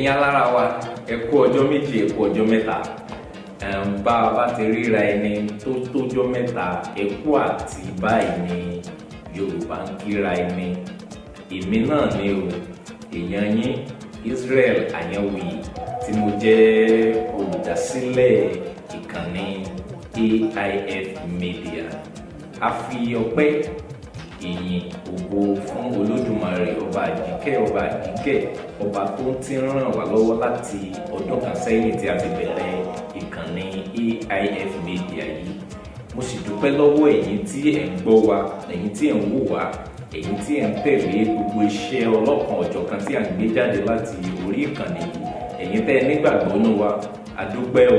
ẹ̀yin alára wa ẹ kú ọjọ́ méjì ẹ kú ọjọ́ mẹ́ta bá a bá ti ríra ẹni tó tójọ́ mẹ́ta ẹ kú àti báyìí ni Yorùbá ń kíra ẹni èmi náà ni o èèyàn yín Israel Àyànwùyí tí mo jẹ́ olùdásílẹ̀ ìkànnì AIF Media a fi ọpẹ́ ìyìn ògo fún olóyè ọba ìkẹ́ ọba ìkẹ́ ọba tó ń ti ràn wá lọ́wọ́ láti ọdún kan sẹ́yìn tí a ti bẹ̀rẹ̀ ìkànnì AIF Media yìí mo sì dúpẹ́ lọ́wọ́ ẹ̀yin tí ẹ̀ ń gbọ́ wa ẹ̀yin tí ẹ̀ ń wò wá ẹ̀yin tí ẹ̀ ń tẹ̀lé gbogbo iṣẹ́ ọlọ́kan ọ̀jọ̀kan tí à ń gbé jáde láti orí ìkànnì yìí ẹ̀yin tẹ́ ẹ nígbàgbọ́ nú wa àdúpẹ́ o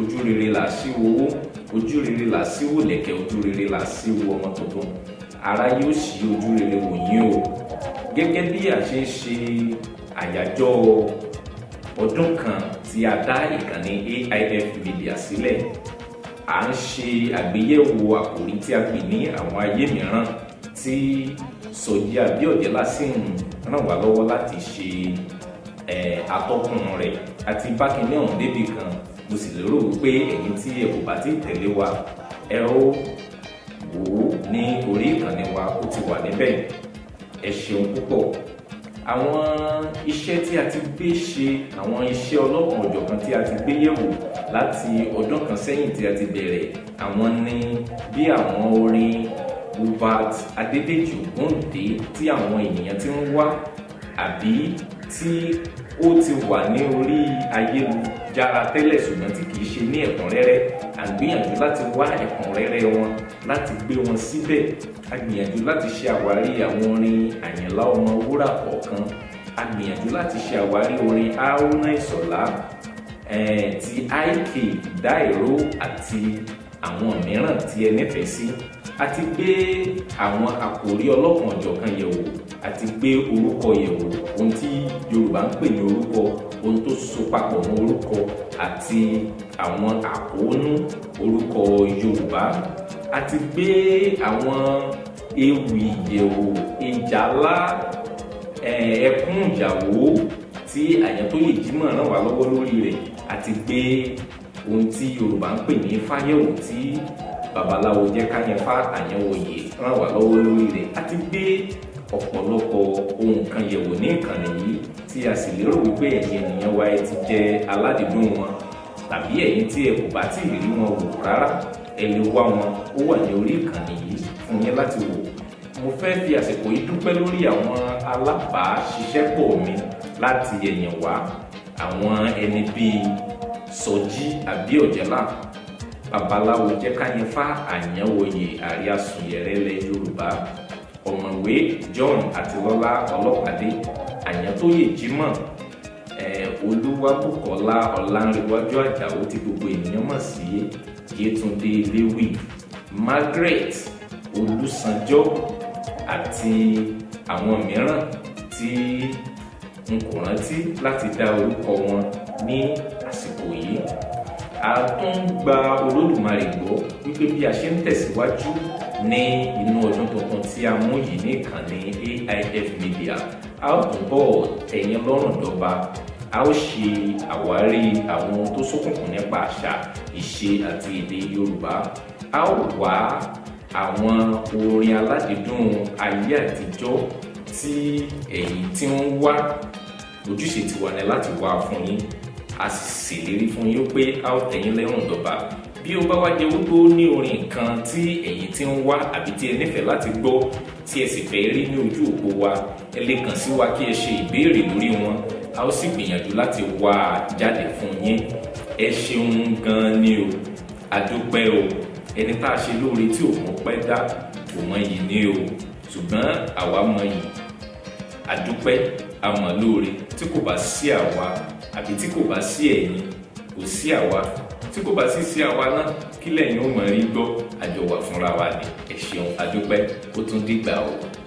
ojú rere là sí owó ojú rere là sí wòlẹ̀kẹ̀ ọmọ tuntun ara yóò ṣí ojú rere wò yín o gẹ́gẹ́ bí a ṣe ń ṣe àyájọ́ ọdún kan tí a dá ìkànnì AIF Media sílẹ̀ à ń ṣe àgbéyẹ̀wò àkòrí tí a pè ní àwọn ayé mìíràn tí Sọjí Abíọ́dé Lásìn ràn wá lọ́wọ́ láti ṣe atọ́kùn rẹ̀ àti bákinní ọ̀hún kan mo sì lérò wípé ẹ̀yin tí ẹ kò bá ti tẹ̀lé wa ẹ ní orí ìkànnì wa ó ti wà níbẹ̀ ẹ ṣeun púpọ̀ àwọn iṣẹ́ tí a ti gbé ṣe àwọn iṣẹ́ ọlọ́kan ọ̀jọ̀kan tí a ti gbé yẹ̀wò láti ọdún kan sẹ́yìn tí a ti bẹ̀rẹ̀ àwọn ni bí àwọn orin Hubert Adédèjì Ògúndé tí àwọn ènìyàn ti ń wá àbí tí ó ti wà ní orí ayélujára tẹ́lẹ̀ ṣùgbọ́n tí kìí ṣe ní ẹ̀kúnrẹ́rẹ́ à ń gbìyànjú láti wá ẹ̀kúnrẹ́rẹ́ wọn láti gbé wọn síbẹ̀ a gbìyànjú láti ṣe àwárí àwọn orin Àyìnlá Ọmọwúrà kọ̀ọ̀kan a gbìyànjú láti ṣe àwárí orin Haruna Ìṣọ̀lá ti IK Dairo àti àwọn mìíràn tí ẹ nífẹ̀ẹ́ sí a ti gbé àwọn àkòrí ọlọ́kan ọ̀jọ̀kan yẹ̀wò àti gbé orúkọ yẹ̀wò ohun tí Yorùbá ń pè ní orúkọ ohun tó so papọ̀ mọ́ orúkọ àti àwọn àkóónú orúkọ Yorùbá àti gbé àwọn ewì ìyẹ̀wò ìjàlá ẹkún ìyàwó tí Àyàntóyè Jímọ̀ ràn wá lọ́wọ́ lórí rẹ̀ àti gbé ohun tí Yorùbá ń pè ní fáyẹ̀wò tí babaláwo jẹ́ káyẹ̀fá àyẹ̀wò yìí ràn wá lọ́wọ́ lórí rẹ̀ àti gbé ọ̀pọ̀lọpọ̀ ohun kan yẹ̀wò ní ìkànnì yìí tí a sì lérò wípé ẹ̀yin ènìyàn wa ẹ ti jẹ́ aládìídùn wọn tàbí ẹ̀yin tí ẹ kò bá tí ì rí wọn wò rárá ẹ lè wá wọn ó wà ní orí ìkànnì yìí fún yín láti wò mo fẹ́ fi àsìkò yìí dúpẹ́ lórí àwọn alábàáṣiṣẹ́pọ̀ mi láti ẹ̀yìn wá àwọn ẹni bíi Sọjí Abíọ́jẹ́lá babaláwo jẹ́káyẹfá àyànwòye àríyásùnyẹrẹ́lẹ́ Yorùbá ọ̀mọ̀wé John àtiwọ́lá ọlọ́pàdé àyàntóyè Jimoh olúwabùkọ́lá ọ̀làǹrẹ̀wájú àjàó tí gbogbo ènìyàn mọ̀ sí yétúndé léwì Margaret olùsànjọ́ àti àwọn mìíràn tí n kò rántí láti dá orúkọ wọn ní àsìkò yìí a tún gba olódùmarè gbọ́ wípé bí a ṣe ń tẹ̀síwájú ní inú ọdún tuntun tí a mú yìí ní ìkànnì AIF Media a ó tún bọ̀ tẹ̀yìn lọ́rùn dọ́ba a ó ṣe àwárí àwọn ohun tó ṣókùnkùn nípa àṣà ìṣe àti èdè Yorùbá a ó wá àwọn orin aládìídùn ayé àtijọ́ tí ẹ̀yin tí ń wá ojúṣe tiwa ni láti wá fún yín a sì ṣèlérí fún yín pé a ó tẹ̀yìn lẹ́rùn dọ́ba bí ó bá wá jẹ wípé ó ní orin kan tí ẹ̀yin ti ń wá àbí tí ẹ nífẹ̀ẹ́ láti gbọ́ tí ẹ sì fẹ́ rí ní ojú òpó wa ẹ lè kàn sí wa kí ẹ ṣe ìbéèrè lórí wọn a ó sì gbìyànjú láti wá a jáde fún yín ẹ ṣeun gan ni o àdúpẹ́ o ẹni tá a ṣe lóore tí òun pẹ́ dá òun yìí ni o ṣùgbọ́n àwa mọ yìí àdúpẹ́ àmọ́ lóore tí kò bá sí àwa àbí tí kò bá sí ẹ̀yin kò sí àwa tí kò bá sì sí àwa náà kílẹ̀ yín ó mọ̀ rí gbọ́ àjọwà fúnra wa ni ẹ ṣeun adúpẹ́ ó tún dìgbà o.